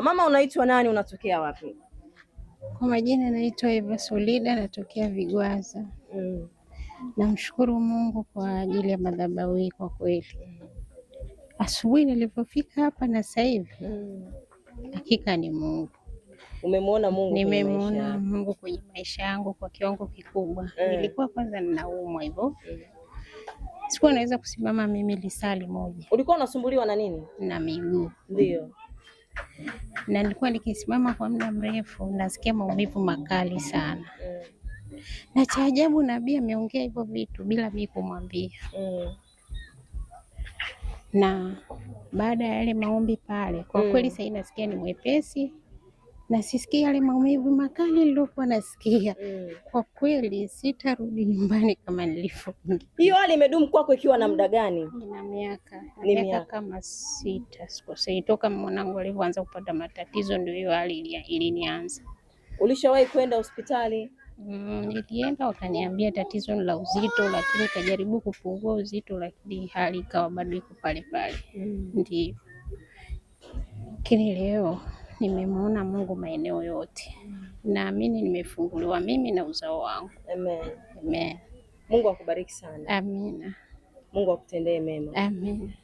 Mama, unaitwa nani? Unatokea wapi? Kwa majina naitwa Eva Solida, natokea Vigwaza. Mm. Namshukuru Mungu kwa ajili ya madhabahu hii kwa kweli. Asubuhi nilipofika hapa na sasa hivi mm. hakika, ni Mungu. Umemwona Mungu? Nimemwona Mungu kwenye maisha yangu kwa kiwango kikubwa. Mm. Nilikuwa kwanza ninaumwa hivyo, mm. sikuwa naweza kusimama mimi lisali moja. Ulikuwa unasumbuliwa na nini? Na miguu. Ndio na nilikuwa nikisimama kwa muda mrefu, nasikia maumivu makali sana na cha ajabu nabii ameongea hivyo vitu bila mimi kumwambia mm. Na baada ya yale maombi pale, kwa mm. kweli Sasa nasikia ni mwepesi nasisikia yale maumivu makali niliokuwa nasikia mm. Kwa kweli sitarudi nyumbani kama nilivyoingia. Hiyo hali imedumu kwako ikiwa na muda gani? Ina miaka miaka kama sita sikosei, toka mwanangu alivyoanza kupata matatizo ndio hiyo hali ilinianza. Ulishawahi kwenda hospitali? Mm, wakaniambia tatizo la uzito, lakini kajaribu kupungua uzito, lakini hali ikawa bado iko pale pale mm. Ndio lakini leo nimemwona Mungu maeneo yote. Naamini nimefunguliwa mimi na uzao wangu. Amen. Amen. Mungu akubariki sana. Amina. Mungu akutendee mema. Amina.